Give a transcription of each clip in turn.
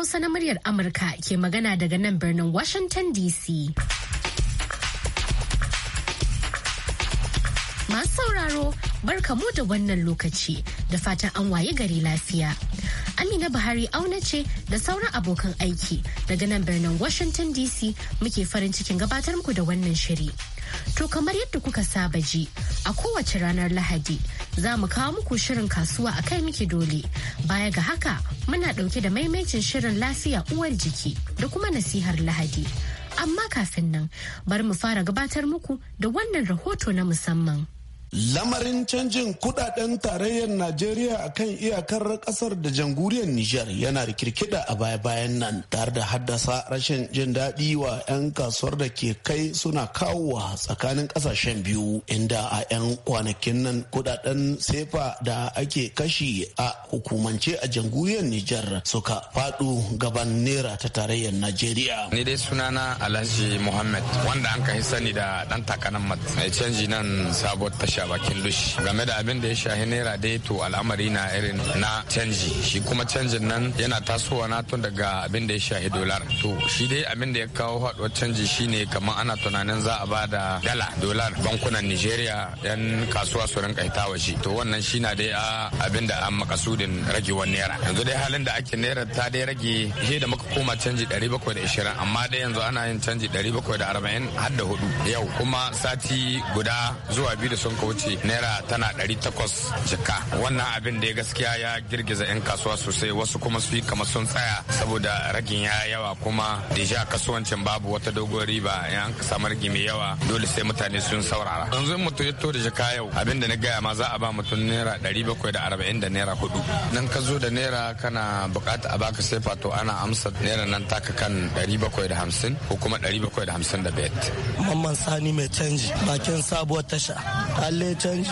Hausa na muryar Amurka ke magana daga nan birnin Washington DC. Masu sauraro, barka mu da wannan lokaci da fatan an waye gari lafiya. Amina Buhari auna ce da sauran abokan aiki daga nan birnin Washington DC muke farin cikin gabatar muku da wannan shiri. To kamar yadda kuka saba ji a kowace ranar Lahadi za mu kawo muku shirin kasuwa a kai muke dole. Baya ga haka muna ɗauke da maimacin shirin lafiya uwar jiki da kuma nasihar Lahadi. Amma kafin nan bari mu fara gabatar muku da wannan rahoto na musamman. Lamarin canjin kudaden tarayyar Najeriya a kan iyakar kasar da jamhuriyar Nijar yana rikirkida a baya-bayan nan tare da haddasa rashin jin daɗi wa 'yan kasuwar da ke kai suna kawowa tsakanin kasashen biyu inda a 'yan kwanakin nan kudaden sefa da ake kashi a hukumance a jamhuriyar Nijar suka faɗo gaban naira ta tarayyar Najeriya. Ni dai sunana Alhaji Muhammad wanda an kai sani da ɗan takanan mai canji nan sabuwar tasha a bakin dushi game da abin da ya shahi naira dai to al'amari na irin na canji shi kuma canjin nan yana tasowa na tun daga abin da ya shahi dolar to shi dai abin da ya kawo haɗuwar canji shine kamar ana tunanin za a ba da dala dolar bankunan nigeria yan kasuwa su rinka ita waje to wannan shi na dai abin da an makasudin ragewar naira yanzu dai halin da ake naira ta dai rage he da muka koma canji 720 amma dai yanzu ana yin canji 740 har da hudu yau kuma sati guda zuwa biyu da sun kawo wuce naira tana ɗari takwas jika wannan abin da ya gaskiya ya girgiza 'yan kasuwa sosai wasu kuma su yi kamar sun tsaya saboda ragin ya yawa kuma deja kasuwancin babu wata dogon riba yan samu ragi mai yawa dole sai mutane sun saurara yanzu in mutum ya to da jika yau abin da na gaya ma za a ba mutum naira ɗari bakwai da arba'in da naira hudu nan ka zo da naira kana bukata a baka sai fato ana amsa naira nan taka kan ɗari bakwai da hamsin ko kuma ɗari bakwai da hamsin da bet. Mamman Sani mai canji bakin sabuwar tasha. lalle canji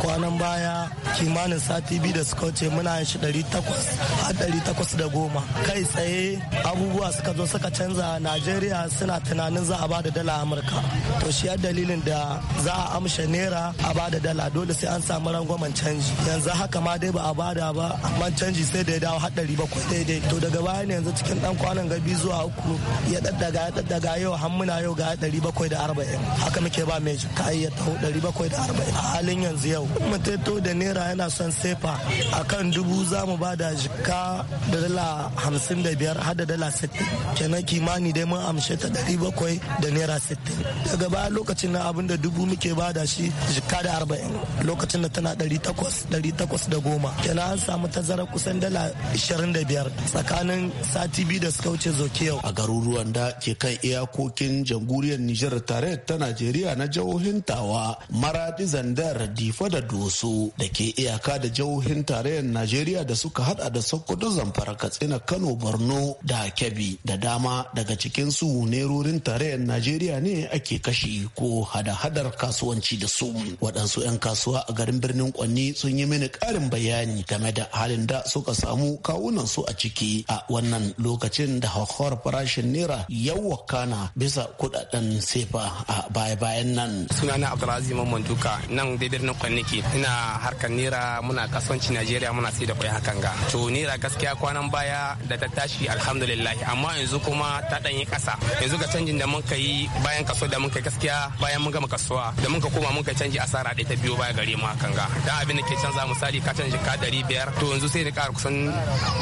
kwanan baya kimanin sati biyu da suka wuce muna yin shi 800 da goma kai tsaye abubuwa suka zo suka canza najeriya suna tunanin za a ba da dala amurka to shi dalilin da za a amsha naira a ba da dala dole sai an samu rangwamen canji yanzu haka ma dai ba a ba da ba amma canji sai da ya dawo har ɗari bakwai daidai to daga baya ne yanzu cikin dan kwanan gabi zuwa uku ya daddaga ya daddaga yau har muna yau ga ɗari bakwai da arba'in haka muke ba mai ka ya taho ɗari bakwai da arba'in a halin yanzu yau mutato da naira yana son sefa a kan dubu za mu ba da jika da dala hamsin da biyar har dala sittin kenan kimani dai mun amshe ta dari bakwai da naira sittin daga baya lokacin na abin da dubu muke ba da shi jika da arba'in lokacin da tana dari takwas dari takwas da goma kenan an samu tazarar kusan dala ishirin da biyar tsakanin sati biyu da suka wuce zoki yau a garuruwan da ke kan iyakokin jamhuriyar nijar tare ta najeriya na jihohin tawa maradi zandar difa da doso da ke iyaka da jihohin tarayyar najeriya da suka hada da sokoto zamfara katsina kano borno da kebbi da dama daga cikinsu nerorin tarayyar najeriya ne ake kashi ko hada-hadar kasuwanci da su waɗansu 'yan kasuwa a garin birnin kwanni sun yi mini ƙarin bayani game da halin da suka samu kawunan su a ciki a wannan lokacin da hauhawar farashin naira yau wakana bisa kudaden sefa a baya-bayan nan sunana abdulaziz mamman duka nan dai birnin kwaniki ina harkar nera muna kasuwanci najeriya muna sai da kwai hakan ga to nera gaskiya kwanan baya da ta tashi alhamdulillah amma yanzu kuma ta danyi kasa yanzu ga canjin da muka yi bayan kaso da muka gaskiya bayan mun gama kasuwa da muka koma muka canji asara ɗaya ta biyo baya gare mu hakan ga dan abin da ke canza misali ka canji ka ɗari biyar to yanzu sai da ƙara kusan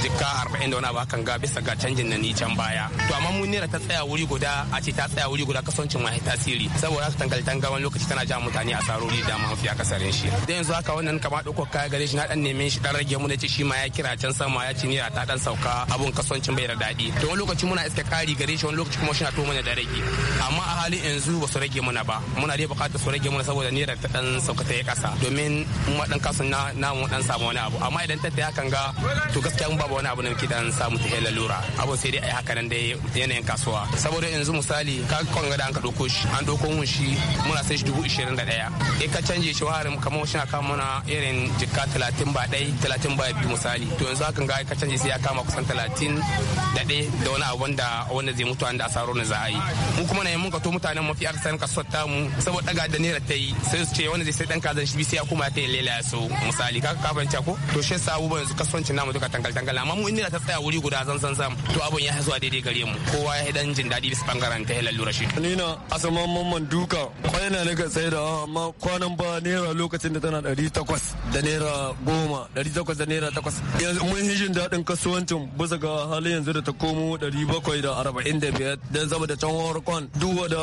jikka arba'in da wani abu hakan ga bisa ga canjin da ni can baya to amma mun nera ta tsaya wuri guda a ce ta tsaya wuri guda kasuwancin ma tasiri saboda ta tangal tanga wani lokaci tana ja mutane asarori dama mafi akasarin shi da yanzu haka wannan kama ɗauko kaya gare shi na dan neme shi dan rage mu da shi ma ya kira can sama ya ci naira ta dan sauka abun kasuwancin bai da daɗi to wani lokaci muna iska kari gare shi wani lokaci kuma shi na to mana da rage amma a halin yanzu ba su rage muna ba muna dai bukatar su rage muna saboda naira ta dan sauka ta yi ƙasa domin mu dan kasan na mu dan samu wani abu amma idan ta ta kan ga to gaskiya mun ba wani abu ne ki dan samu ta lura abu sai dai ai haka nan dai yanayin kasuwa saboda yanzu misali ka kwanga da an ka ɗauko shi an ɗauko mun shi muna sai shi dubu ishirin da ɗaya eh, ka canje shi kamar shi na kama mana irin jikka talatin ba ɗai talatin ba biyu misali to yanzu hakan ga ka canje sai ya kama kusan talatin da ɗai da wani abu wanda wanda zai mutu wanda asaro ne za a yi mu kuma na mun ka to mutanen mafi arsan ka sotta mu saboda daga da naira ta yi sai su ce wanda zai sai dan kazan shi sai ya kuma ta lela ya so misali ka ka fanta ko to shi yasa abubuwan yanzu kasuwancin namu duka tangal tangal amma mu in ta tsaya wuri guda zan zan zan to abun ya zuwa daidai gare mu kowa ya dan jin daɗi bisa bangaren ta helal lura shi ni na asaman mamman duka kwana ne ka tsaye da amma kwana nan ba naira lokacin da tana 800 takwas da naira goma ɗari takwas da naira takwas mun yi jin daɗin kasuwancin bisa ga halin yanzu da ta komo 745 bakwai da arba'in da biyar don zama da can kwan duwa da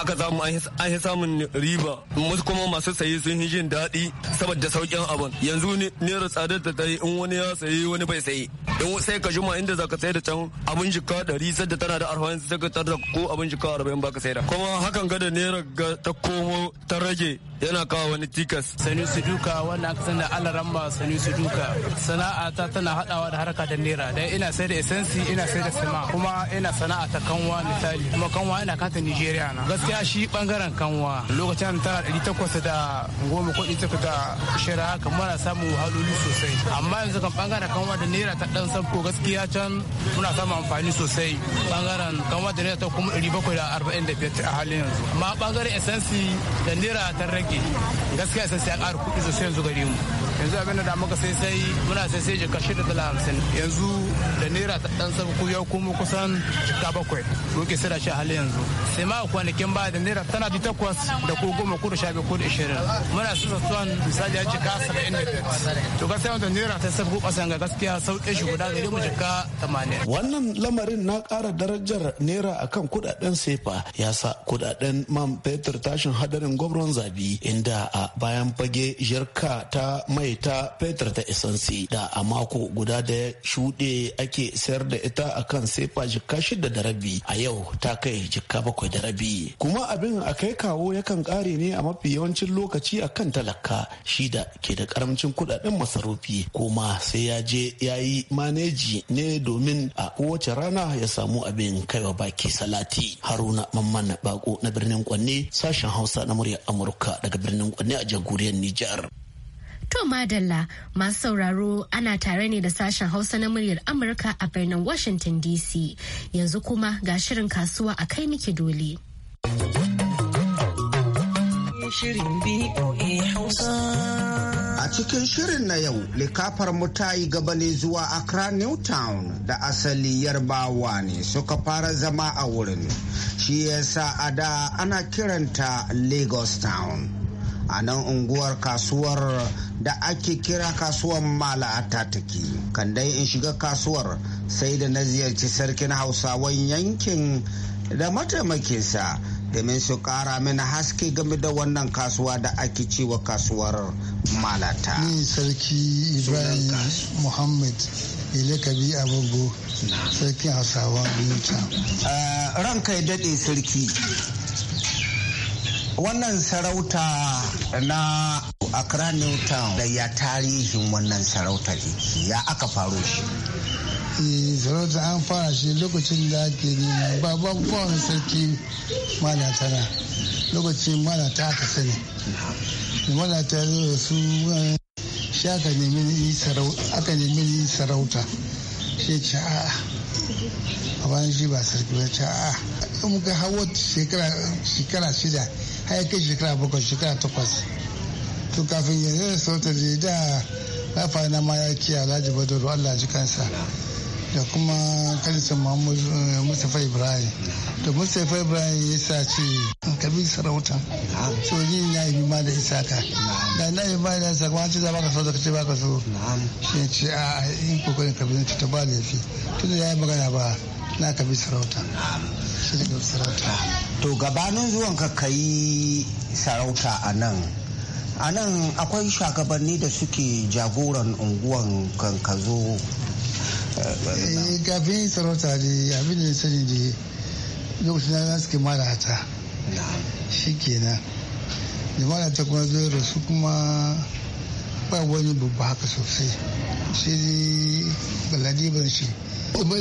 aka samu an yi samun riba musu kuma masu saye sun yi jin daɗi saboda sauƙin abin yanzu naira tsadar da ta yi in wani ya sayi wani bai sayi in sai ka juma inda za ka sayar da can abin jika ɗari sadda tana da arhawan sai ka tarda ko abin jika 40 ba ka sayar kuma hakan ga da naira ta komo ta rage yana kawo wani tikas sanu su duka wannan aka san da alaramba sanu su duka sana'a ta tana hadawa da harka da naira dan ina sai da esensi ina sai da sima kuma ina sana'a ta kanwa misali kuma kanwa ina ta nigeria na gaskiya shi bangaren kanwa lokacin tara ɗari takwas da goma kuɗi ta fita shira haka muna samun haloli sosai amma yanzu kan bangaren kanwa da naira ta dan sabko gaskiya can muna samun amfani sosai bangaren kanwa da naira ta kuma ɗari bakwai da arba'in da biyar a halin yanzu amma bangaren esensi da naira ta rage gaskiya sai sai ƙara kuɗi sosai yanzu gare mu yanzu abin da muka sai sai muna sai sai jika shida dala hamsin yanzu da naira ta dan sabu ku yau kuma kusan ta bakwai muke sai da shi hali yanzu sai ma kwanakin ba da naira tana di takwas da ko goma ko da sha biyu ko da ishirin muna sai sassuwan misali ya jika saba'in da to gaskiya wanda naira ta sabu kasan ga gaskiya sauƙin shi guda gari mu jika tamanin. wannan lamarin na ƙara darajar naira akan kuɗaɗen sefa ya sa kuɗaɗen man fetur tashin hadarin gwamnan zabi inda a bayan fage jirka ta mai ita ta fetur ta isansi da a mako guda da ya shuɗe ake sayar da ita a kan sefa jikka shida da rabi a yau ta kai jika bakwai da rabi kuma abin a kai kawo yakan ƙare ne a mafi yawancin lokaci a kan talaka shi da ke da karamcin kuɗaɗen masarufi kuma sai ya je ya yi maneji ne domin a kowace rana ya samu abin kaiwa baki salati haruna mamman bako na birnin kwanne sashen hausa na murya amurka daga birnin kwanne a jamhuriyar nijar To madalla masu sauraro ana tare ne da sashen Hausa na muryar Amurka a birnin Washington DC. Yanzu kuma ga shirin kasuwa a kai miki dole. A cikin shirin na yau, likafar mu ta yi gaba ne zuwa Accra New Town, da asali yarbawa ne suka fara zama a wurin. Shi yasa a da ana kiranta Lagos Town. a nan unguwar kasuwar da ake kira kasuwar mala'ata take kan dai in shiga kasuwar sai da na ziyarci sarkin hausawan yankin da mataimakinsa domin su kara mini haske game da wannan kasuwa da ake cewa kasuwar malata. Ni sarki Ibrahim Muhammad Ilekabi Abubu, sarki Hausawa Binta. Eh, ranka ya daɗe sarki. Wannan sarauta na Accra New Town da ya tarihin wannan sarauta jiki ya aka faro shi. Eh, sarauta an fara shi lokacin da ake nema babban kowane sarki mana lokacin malata aka sani da mana ta zo su eh, shi aka nemi sarauta shi ce a a bayan shi ba sarki ba ce a in muka hawa shekara shida har kai shekara bakwai shekara kafin ya zai sauta da da rafa na ma ya alhaji allah ji kansa kuma kalisan eh, mustapha ibrahim da mustapha ibrahim ya sa ce kabi sarauta so ni na yi da isaka da na yi da kuma za ka so da ba ka so shi ce a in kokarin kabi ta ba laifi tun da ya yi magana ba na ka bi sarauta shi ne sarauta to gabanin zuwan ka kai sarauta a nan a nan akwai shagabanni da suke jagoran unguwan kankazo eh, eh, kafin sarauta ne abin da sani ne lokacin na suke marata shi da marata kuma zuwa da su kuma ba wani babba haka sosai sai dai baladi shi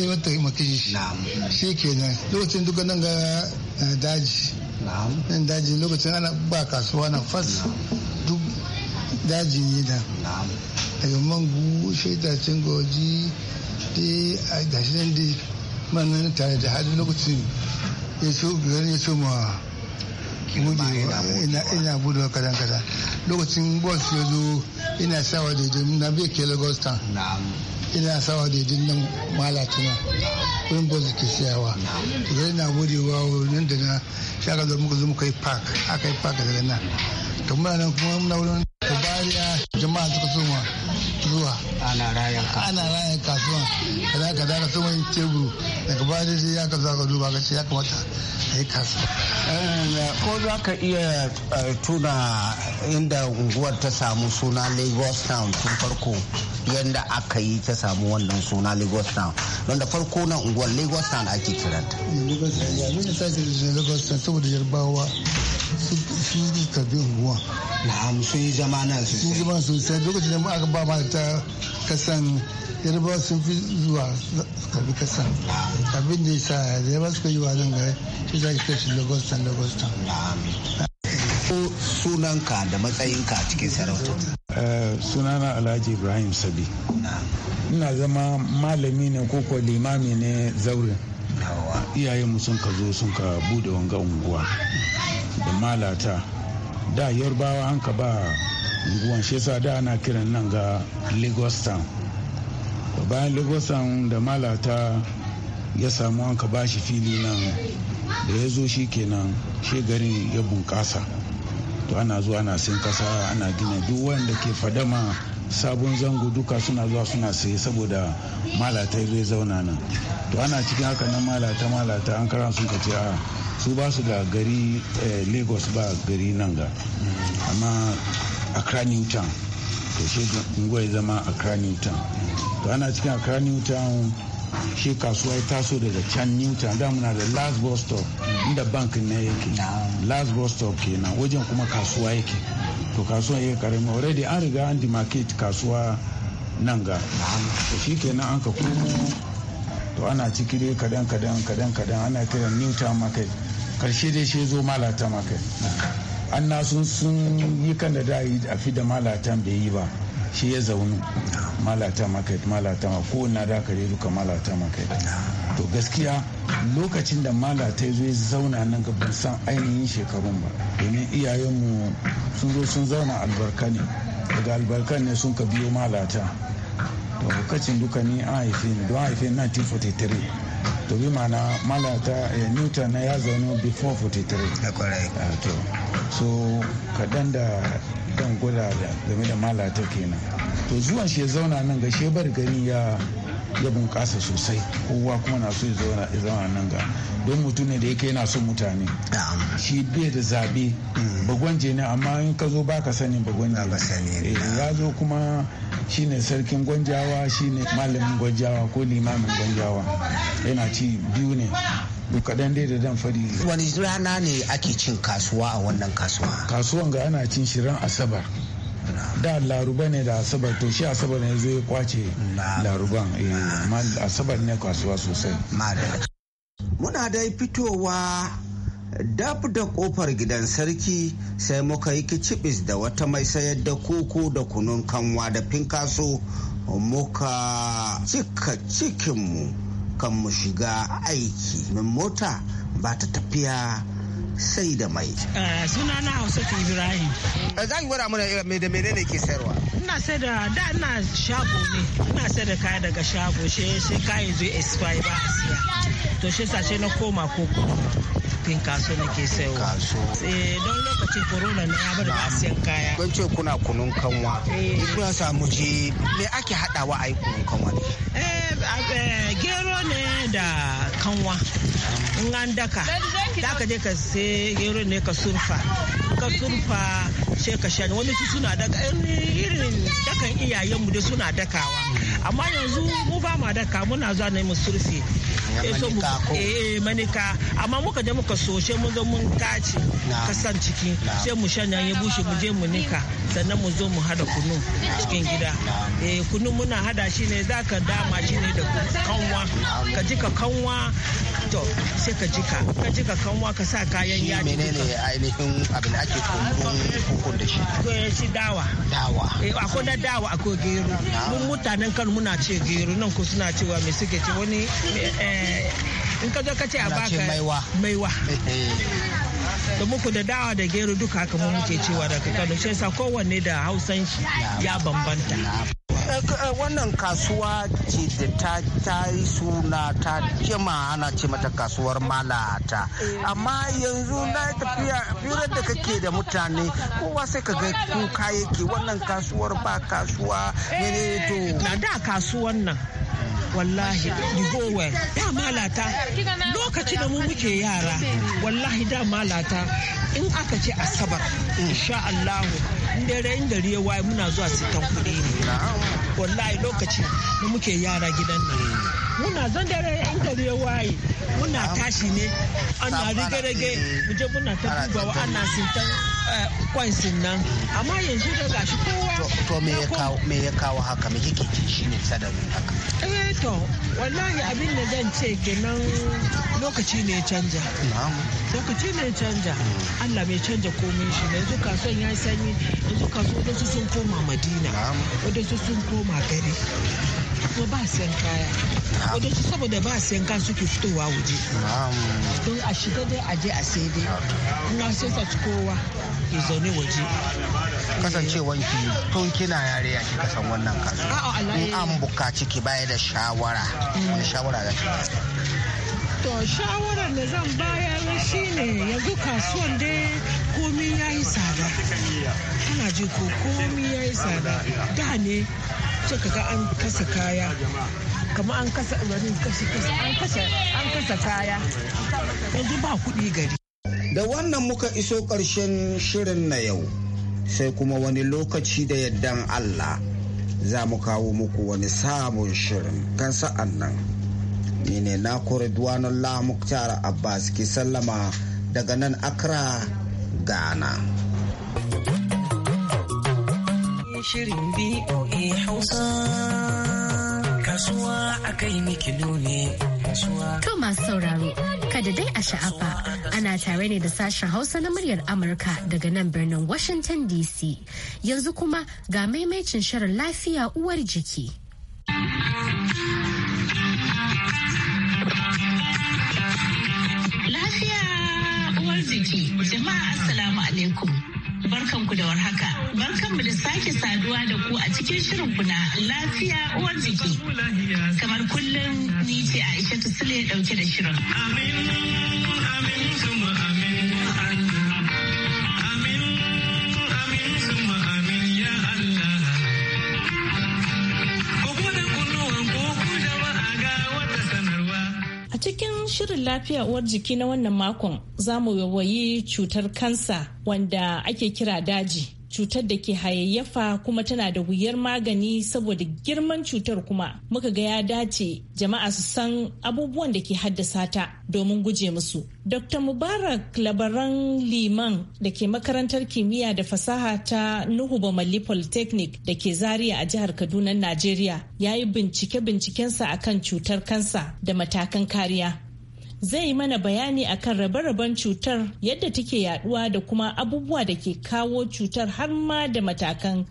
wata makin shi shi kenan lokacin duka nan ga eh, daji nan daji lokacin ana ba kasuwa na fas duk daji ne da daga mangu shaitacin goji da gashi nan da manan tare da hadu lokacin ya so garin ya so ma ina budewa kadan kadan lokacin bus ya zo ina sawa da na bai ke lagos town ina sawa daidin nan malatina wurin bozu ke siyawa zai na wa wurin da na shaka da muka zo muka yi park aka yi park daga nan to muna nan kuma muna wurin ta bariya jama'a suka suma zuwa ana rayan ka ana rayan kasuwan kaza kaza ka suma yin teburu daga bariya sai ya ka za ka duba ka ce ya kamata a yi kasuwa. Eh, ko za ka iya eh, tuna inda unguwar ta samu suna lagos town tun farko yadda aka yi ta samu wannan suna lagos town don da farko na unguwar lagos town ake kiranta. lagos town saboda yarbawa su ka bi unguwa. na sun yi zama amana nan sosai sun zama sosai lokacin da aka ba ma ta kasan yarbawa sun fi zuwa karbi kasan abin da ya sa yarbawa suka yi wa nan gare shi za ka kashi lagos tan lagos tan sunanka da matsayinka a cikin sarauta eh, sunana alhaji ibrahim sabi ina zama malami ne ko limami ne zaurin mu sun ka zo sun ka bude wanga unguwa da malata da yarbawa an ka ba unguwan shi yasa da ana kiran nan ga lagos town bayan lagos town da malata ya samu an ka bashi fili nan da ya zo shi kenan shi garin ya bunƙasa to ana zuwa ana sayan kasa ana gina duk wanda ke fadama sabon zango duka suna zuwa suna saye saboda malata zai zauna nan to ana cikin haka nan malata malata an kara sun kace a su ba su da gari eh, lagos ba gari nan ga amma accra new town to shi unguwa ya zama accra new town to ana cikin accra new town shi kasuwa ya taso daga can new town da muna da last bus stop inda bank na yake last bus stop kenan wajen kuma kasuwa yake to kasuwa ya karami already an riga an demarcate kasuwa nan ga to shi kenan an ka komo to ana ciki dai kadan kadan kadan kadan ana kiran new town market karshe dai shi zo malata market an nasun sun yi kan da dai a fi da malatan bai yi ba shi ya zaunu malata market malata ma ko na da ka duka malata market to gaskiya lokacin da malata ya zo ya zauna nan ga ban san ainihin shekarun ba domin iyayenmu sun zo sun zauna albarka ne daga albarka ne sun ka biyo malata lokacin duka ni a haife ni don haife to bi mana malata eh, newton na ya zaune before 43 ah, to so kaɗan da dan gwada game da malata kenan to zuwan shi ya zauna nan ga shebar gari ya ya bunƙasa sosai kowa kuma na so ya zama nan ga don mutum ne da yake yana son mutane shi bai da zaɓe mm. bagwanje ne amma in ka zo ba baka sani bagwanje eh, ya zo kuma shi ne sarkin gwanjawa ne malamin gwanjawa ko limamin gwanjawa yana ci biyu ne kaɗan dai da dan fari wani rana ne ake cin kasuwa a wannan kasuwa kasuwan ga ana cin shirin asabar da laruba ne da asabar to shi asabar ne zai kwace laruban eh, amma asabar ne kasuwa sosai muna dai fitowa dab da kofar gidan sarki sai muka yi kicibis da wata mai sayar da koko da kunun kanwa da finkaso muka cika cikinmu kan mu shiga aiki min mota ba ta tafiya sai da mai. Eh, Suna na Hausa Ibrahim. Eh, Za ki gwada mana eh, mai da menene ke sayarwa? Ina sai da da ina shago ne. Ina sai da kaya daga shago shi sai kayan zai expire ba a siya. To shi sa na koma koko. kofin kaso ke sayo kaso eh don lokacin corona ne ya bada da siyan kaya ban ce kuna kunun kanwa eh. kuna samu je me ake hadawa ai kunun kanwa eh, eh gero ne da kanwa in an daka ka je ka sai gero ne ka surfa ka surfa sai ka sha wani su suna daka irin dakan iyayenmu da suna dakawa hmm. amma yanzu mu ba ma daka muna zuwa ne mu surfe eh, eh manika amma muka je muka soshe mun zo mun tace kasan ciki sai mu shanya ya bushe mu je mu nika sannan mu zo mu hada kunu cikin gida eh kunu muna hada shi ne zaka dama shi ne da kanwa ka jika kanwa to sai ka jika ka jika kanwa ka sa kayan yaji menene ainihin abin ake kumbun kukun da shi ko eh, shi dawa dawa eh akwai na dawa akwai gero mun mutanen kan muna ce gero nan ko suna cewa me suke ce wani eh, eh Eh, in ka zo ka ce a baka maiwa da eh. muku da dawa da gero duka haka mu muke cewa daga kano shi kowanne da hausan shi ya bambanta eh, wannan kasuwa ce da ta yi suna ta jima ana ce mata kasuwar malata amma yanzu na tafiya fiye da kake da mutane kowa sai ka ga kuka yake wannan kasuwar ba kasuwa ne to na da kasuwan nan wallahi you go well da malata lokacin da mu muke yara wallahi da malata in aka ce asabar insha Allahu in dare in dare waye muna zuwa sitan kuɗi ne wallahi lokacin da muke yara gidan nan muna zan dare in dare waye muna tashi ne ana rige-rige muje muna ta dubawa ana sitan kwansin nan amma yanzu da gashi kowa to me ya kawo haka me kike ji shine sadarin haka eh to wallahi abin da zan ce kenan lokaci ne ya canja lokaci ne ya canja Allah bai canja komai shi ne yanzu kasuwan ya sanyi yanzu kasuwa wadansu sun koma Madina wadansu sun koma gari kuma ba siyan kaya wadansu saboda ba siyan kaya suke fitowa waje don a shiga dai aje a sai dai kuma sai sa kowa ya zaune waje kasancewanki tun kina yare a kasan wannan kasu. in an bukaci ki baya da shawara wani shawara da to shawarar da zan bayar shine yanzu kasuwan dai komi ya yi tsada ana ji ko komi ya yi tsada da ne ce ga an kasa kaya kamar an kasa an kasa kaya yanzu ba kuɗi gari da wannan muka iso ƙarshen shirin na yau sai kuma wani lokaci da yardan Allah za mu kawo muku wani sabon shirin kan sa'an nan ni ne na duwanan la muktar abbas ki sallama daga nan Akra Gana. shirin BOA Hausa. Kasuwa a kai miki nune. To masu sauraro, kada dai a sha'afa ana tare ne da sashen Hausa na muryar Amurka daga nan birnin Washington DC. Yanzu kuma ga maimacin shirin lafiya uwar jiki. Lafiya uwar jiki, jama'a Assalamu alaikum. barkanku da warhaka. Barkanmu da sake saduwa da ku a cikin shirin kuna lafiya uwar jiki. Kamar kullum ni ce Aisha Tusule ya dauke da shirin. Amin, amin, amin. shirin lafiya uwar jiki na wannan makon za mu yawayi cutar kansa wanda ake kira daji. cutar da ke hayayyafa kuma tana da wuyar magani saboda girman cutar kuma muka ga ya dace jama'a su san abubuwan da ke haddasa ta domin guje musu. Dr. Mubarak labaran liman da ke makarantar kimiyya da fasaha ta Nuhu bamali Polytechnic da ke Zaria a jihar Kaduna, Najeriya ya yi bincike-bincikensa akan cutar kansa da matakan kariya. zai yi mana bayani akan rabe-raben cutar yadda take yaduwa da kuma abubuwa da ke kawo cutar har ma da matakan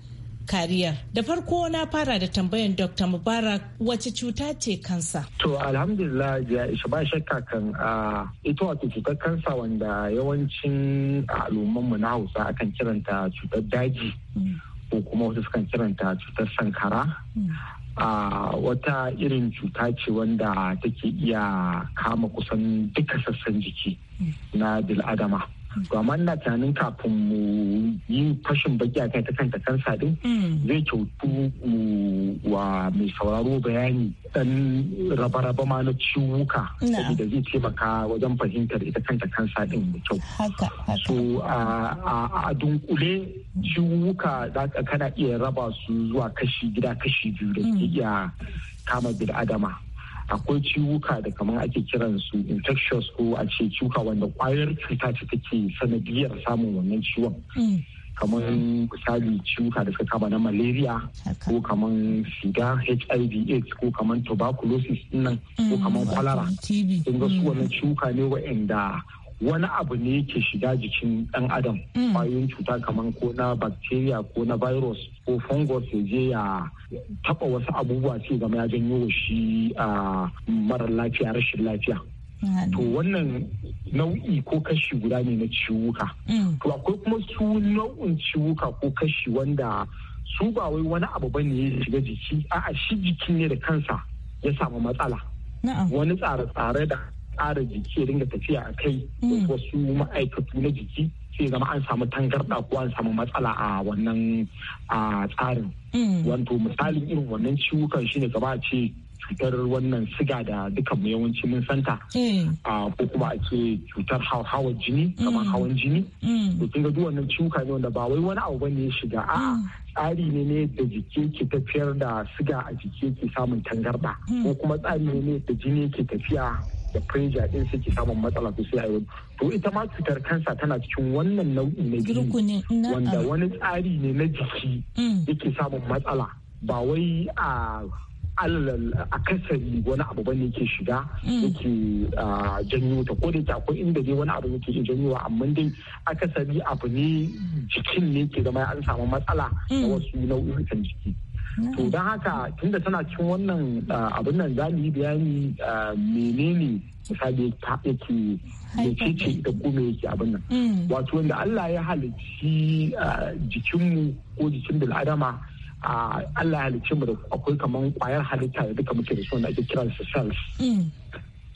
kariya. Da farko na fara da tambayan Dr. Mubarak wace cuta ce kansa? To alhamdulillah ya isa ba shakka kan ita wato cutar kansa wanda yawancin al'ummanmu na Hausa akan kiranta cutar daji. Hmm. ko kuma wasu sukan kiranta cutar sankara a wata irin cuta ce wanda take iya kama kusan duka sassan jiki na bil'adama. to amma ina tunanin kafin mu yi fashin baki a kai ta kanta kansa din hmm. zai kyautu uh, wa mai sauraro bayani dan raba-raba ma na ciwuka saboda zai taimaka wajen fahimtar ita kanta kansa din da kyau so a dunkule ciwuka kana iya raba su zuwa kashi gida kashi biyu da hmm. iya kama adama. akwai ciwuka da kamar ake kiran su infectious ko a ce ciwuka wanda kwayar cuta ce take sanadiyar samun wannan ciwon mm. kamar misali ciwuka da suka kama na malaria ko kamar sida hiv aids ko kamar tuberculosis nan ko mm. kamar kwalara sun ga su mm. wannan ciwuka ne wa'anda wani abu ne yake shiga jikin ɗan adam kwayoyin mm. cuta kamar ko na bacteria ko na virus ko fungus ya je ya taɓa wasu abubuwa sai zama ya janyo shi a mara lafiya rashin lafiya to wannan nau'i ko kashi guda ne na ciwuka mm. to akwai kuma su nau'in ciwuka ko kashi wanda su ba wai wani abu ne ya shiga jiki a'a shi jiki ne da kansa ya samu matsala wani tsare-tsare da tsara jiki ya dinga tafiya a kai mm. wasu ma'aikatu na jiki sai zama an samu tangarɗa ko an samu matsala a wannan tsarin mm. Wanto misalin irin wannan ciwukan shine gaba ce cutar wannan siga da duka mu yawanci mun santa mm. ko kuma a ce cutar hawan jini kamar hawan jini to kin ga duk wannan ciwuka ne wanda ba wai wani abu bane ya shiga a tsari ne ne da jiki ke tafiyar da siga a jiki ke samun tangarɗa, ko kuma tsari ne ne da jini ke tafiya da pressure din suke samun matsala sosai a yau to ita ma cutar kansa tana cikin wannan nau'in na biyu wanda wani tsari ne na jiki mm. yake samun matsala ba wai a akasari wani abu bane ke shiga mm. yake janyo ta ko da akwai inda dai wani abu yake iya janyowa amma dai akasari abu ne jikin ne ke zama an samu matsala mm. na wasu nau'in jiki to don haka tunda tana cikin wannan uh, abin nan za mu yi bayani uh, menene misali ta yake da cece da kuma yake abin nan mm. wato wanda Allah ya halicci uh, jikinmu ko jikin bil'adama Allah ya halicci mu da akwai kamar kwayar halitta da duka muke da su wanda ake kira su cells mm.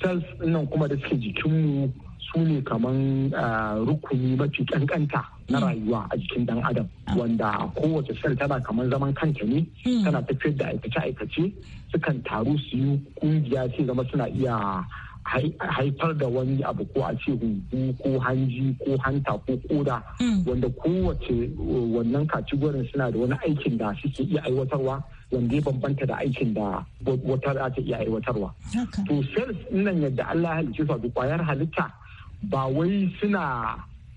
cells nan kuma da suke jikin mu. su ne kaman ah, rukuni mafi kankanta na hmm. rayuwa a jikin dan adam ah. wanda kowace sel tana kaman zaman kanta ne hmm. tana tafiyar da aikace-aikace sukan taru su yi kungiya sai zama suna iya haifar da wani abu ko a ce hunhu ko hanji ko hanta ko koda hmm. wanda kowace wannan kacigorin suna da wani aikin da suke iya aiwatarwa wanda ya bambanta da aikin da wata za ta iya aiwatarwa. To sel nan yadda Allah ya halicce su kwayar halitta ba wai suna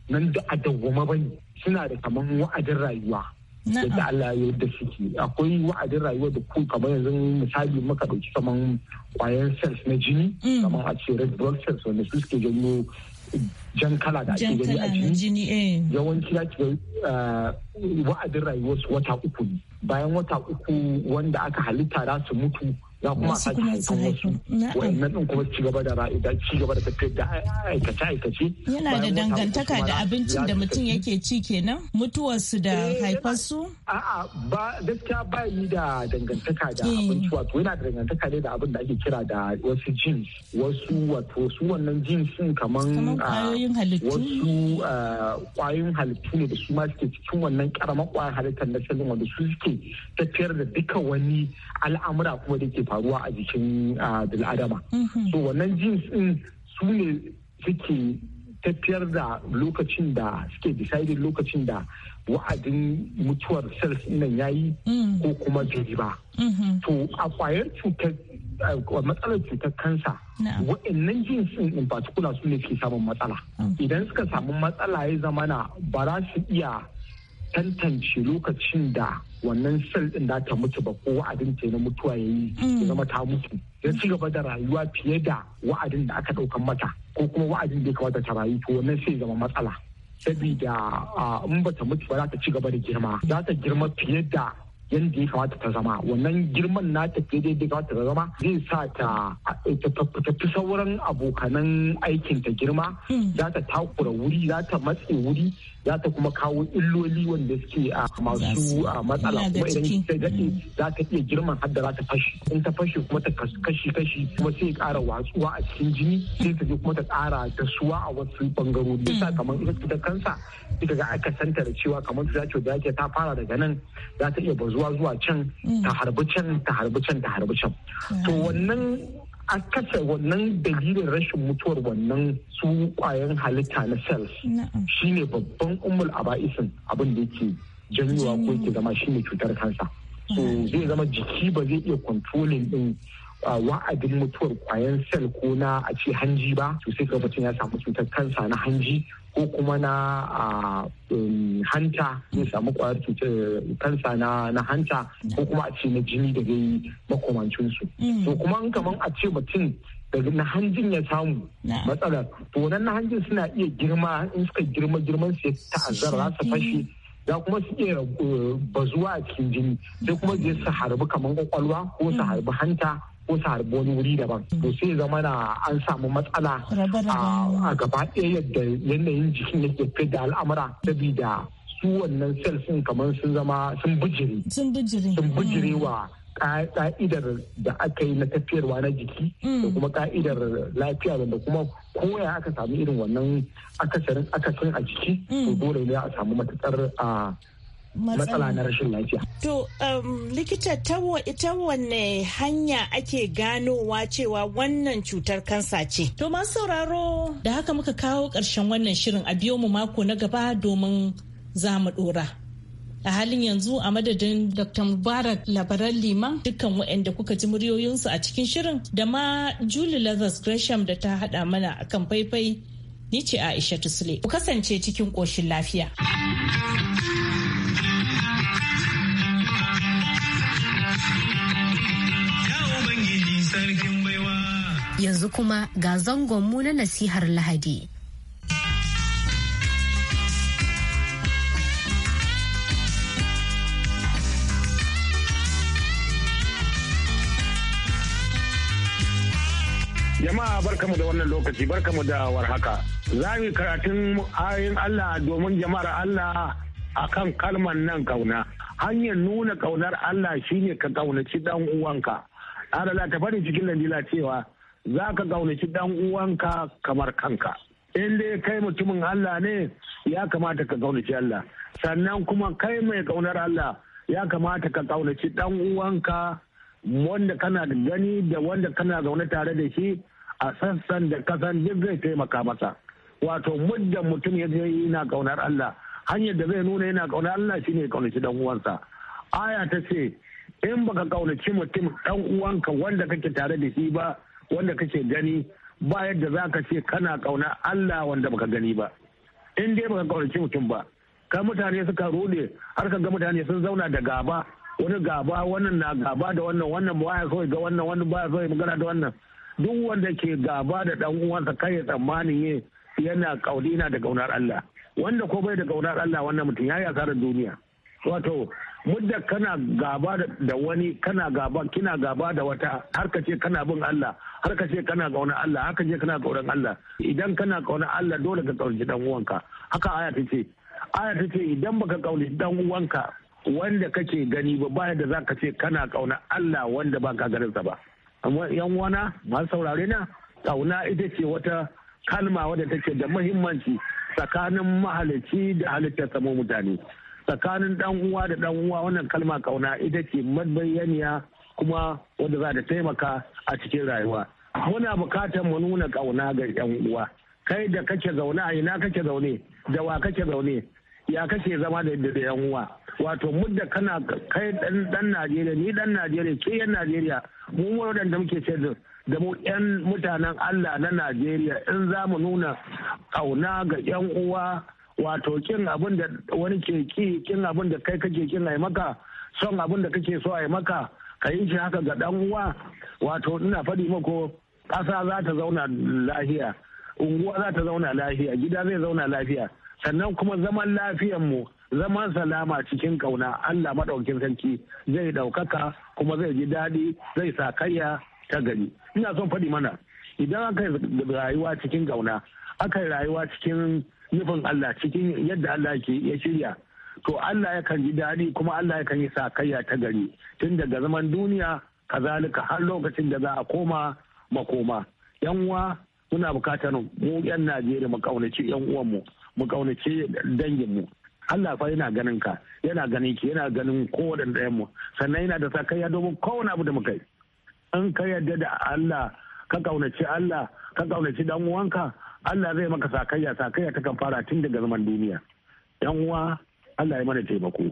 nan da adawwama ba ne suna da kaman wa'adin rayuwa yadda Allah ya yadda suke akwai wa'adin rayuwa da ku kamar yanzu misali maka ɗauki kaman kwayan cells na jini mm. kamar a ce red blood cells wanda su suke janyo jan kala da ake gani a jini eh. yawanci ya ce eh, wa'adin su wata uku ne bayan wata uku wanda aka halitta za su mutu za kuma a sake wasu wannan din kuma ci gaba da ra'ida ci gaba da tafiyar da aikace aikace yana da dangantaka da abincin da mutum yake ci kenan mutuwarsu da eh, haifarsu a'a ba gaskiya ba yi da dangantaka da eh. abinci wato yana da dangantaka ne da abin da ake kira da wasu jeans wasu wato su wannan jeans din kaman ah, kwayoyin halittu wasu ah, kwayoyin halittu ne da su ma suke cikin wannan karamar kwayar halittar na wanda su suke tafiyar da duka wani al'amura kuma da ke faruwa a jikin bil'adama mm-hmm. so wannan jeans din su ne suke tafiyar da lokacin da suke decided lokacin da wa'adin mutuwar cells nan yayi mm. ko kuma bai ba mm-hmm. to a kwayar cutar matsalar cutar kansa wa'annan jeans in in particular su ne ke samun matsala idan suka samu matsala ya zamana ba za su iya tantance lokacin da wannan sel din da ta mutu ba ko wa'adin ce na mutuwa ya yi mm. zama ta mutu ya ci gaba da rayuwa fiye da wa'adin da aka ɗaukan mata ko kuma wa'adin da ya kamata ta rayu to wannan sai zama matsala sabida in ba ta mutu ba za ta ci gaba da girma za ta girma fiye da yadda ya kamata ta zama wannan girman na ta fiye da ya kamata ta zama zai sa ta fi sauran abokanan aikin ta girma mm. za ta takura wuri za ta matse wuri za ta kuma kawo illoli wanda suke a masu matsala kuma idan ta daɗe mm. za ta iya girman hadda za ta fashe in ta fashe kuma ta kashi kashi kuma sai ƙara watsuwa a cikin jini sai ta je kuma ta ƙara ta suwa a wasu bangarori yasa mm. kamar ita ta kansa ita ga aka santa da cewa kamar ta dace da yake ta fara daga nan za ta iya bazuwa zuwa can ta mm. harbi can ta harbi can ta harbi can to wannan a kashe wannan dalilin rashin mutuwar wannan su kwayan halitta na cells shine babban umul aba'isin abin da yake janyowa ko yake zama shine cutar kansa so zai zama jiki ba zai iya kontrolin din wa'adin mutuwar kwayan sel ko na a ce hanji ba to sai ka mutum ya samu cutar kansa na hanji ko kuma na um, hanta ya samu kwayar cutar kansa na hanta ko kuma a ce na jini da makomancin makomancinsu. Mm. To kuma kamar a ce mutum daga na hanjin ya samu matsalar to nan na hanjin suna iya girma in suka girma girman su ta'azzara su fashe za kuma su iya eh, bazuwa a cikin jini sai kuma zai su harbi kamar kwakwalwa ko su mm. harbi hanta ko sa wani wuri daban mm. to sai zama na an samu matsala a gaba ɗaya yadda yanayin jikin yake da al'amura saboda su wannan sel sun kamar sun zama sun bijiri sun bijiri mm. wa ka'idar da aka yi na tafiyarwa na jiki mm. da kuma ka'idar lafiya wanda kuma koya aka samu irin wannan akasarin akasin a jiki to dole ne a samu matakar a matsala na rashin lafiya. To um, likita ta wanne hanya ake ganowa cewa wannan cutar kansa ce? To masu sauraro da haka muka kawo ƙarshen wannan shirin a biyo mu mako na gaba domin za mu ɗora. a halin yanzu a madadin dr mubarak labaran liman dukkan waɗanda kuka ji muryoyinsu a cikin shirin da ma julie lazarus gresham da ta haɗa mana kan faifai ni ce aisha tusle ku kasance cikin ƙoshin lafiya. Yanzu kuma ga zangonmu na nasihar Lahadi. Jama'a barkamu da wannan lokaci barkamu da warhaka. Za mu karatun ayoyin Allah domin jama'ar Allah a kan kalman nan kauna. Hanyar nuna kaunar Allah shine ka kaunaci dan uwanka. Allah ta faɗi cikin landila cewa za ka gaunaci dan uwanka kamar kanka in dai kai mutumin Allah ne ya kamata ka gaunaci Allah sannan kuma kai mai kaunar Allah ya kamata ka kaunaci dan uwanka wanda kana da gani da wanda kana zaune tare da shi a sassan da kasan duk zai taimaka masa wato muddan mutum ya je yana kaunar Allah hanyar da zai nuna yana kaunar Allah shine ya kaunaci dan uwansa aya ta ce in baka kaunaci mutum dan uwanka wanda kake tare da shi ba wanda kake gani ba yadda za ka ce kana kauna Allah wanda baka gani ba in dai baka kaunaci mutum ba ka mutane suka rude har ka ga mutane sun zauna da gaba wani gaba wannan na gaba da wannan wannan ba ya so ga wannan wani ya so magana da wannan duk wanda ke gaba da dan uwansa kai ya tsammani yana kauli da kaunar Allah wanda ko bai da kaunar Allah wannan mutum yayi asarar duniya wato mudda kana gaba da wani kana gaba kina gaba da wata har ka ce kana bin Allah har ka ce kana gauna Allah harka ce kana gauran Allah idan kana gauna Allah dole ka kaunci dan uwanka haka aya ta ce aya ta ce idan baka kaunci dan uwanka wanda kake gani ba baya da zaka ce kana kauna Allah wanda baka ganin sa ba amma yan uwana ma saurare na kauna ita ce wata kalma wadda take da muhimmanci tsakanin mahalici da halittar samo mutane tsakanin dan uwa da dan uwa wannan kalma kauna ita ce mabayaniya kuma wanda za ta taimaka a cikin rayuwa muna bukatar mu nuna kauna ga yan uwa kai da kake zaune a ina kake zaune da wa kake zaune ya kake zama da da yan uwa wato mudda kana kai dan Najeriya ni dan Najeriya ke yan Najeriya mu wadanda muke cewa da mu yan mutanen Allah na Najeriya in za mu nuna kauna ga yan uwa wato kin abin da wani ke ki kin abin da kai kake kin ai maka son abin da kake so ai maka ka yi shi haka ga dan uwa wato ina faɗi mako ƙasa za ta zauna lafiya unguwa za ta zauna lafiya gida zai zauna lafiya sannan kuma zaman lafiyan mu zaman salama cikin kauna Allah maɗaukin sarki zai ɗaukaka kuma zai ji daɗi zai sa karya ta gari ina son faɗi mana idan aka rayuwa cikin kauna aka yi rayuwa cikin nufin Allah cikin yadda Allah ke ya shirya to Allah ya kan ji daɗi kuma Allah ya kan yi sakayya ta gari tun daga zaman duniya kazalika har lokacin da za a koma makoma yan uwa muna bukatar mu yan Najeriya mu kaunaci yan uwan mu mu kaunaci mu. Allah fa yana ganin ka yana ganin ki yana ganin kowanne ɗayan mu sannan yana da sakayya domin kowane abu da muka yi in ka yarda da Allah ka kaunaci Allah ka kaunaci dan uwanka Allah zai maka sakayya sakayya ta kan fara tun daga zaman duniya yan uwa Allah ya mana taimako.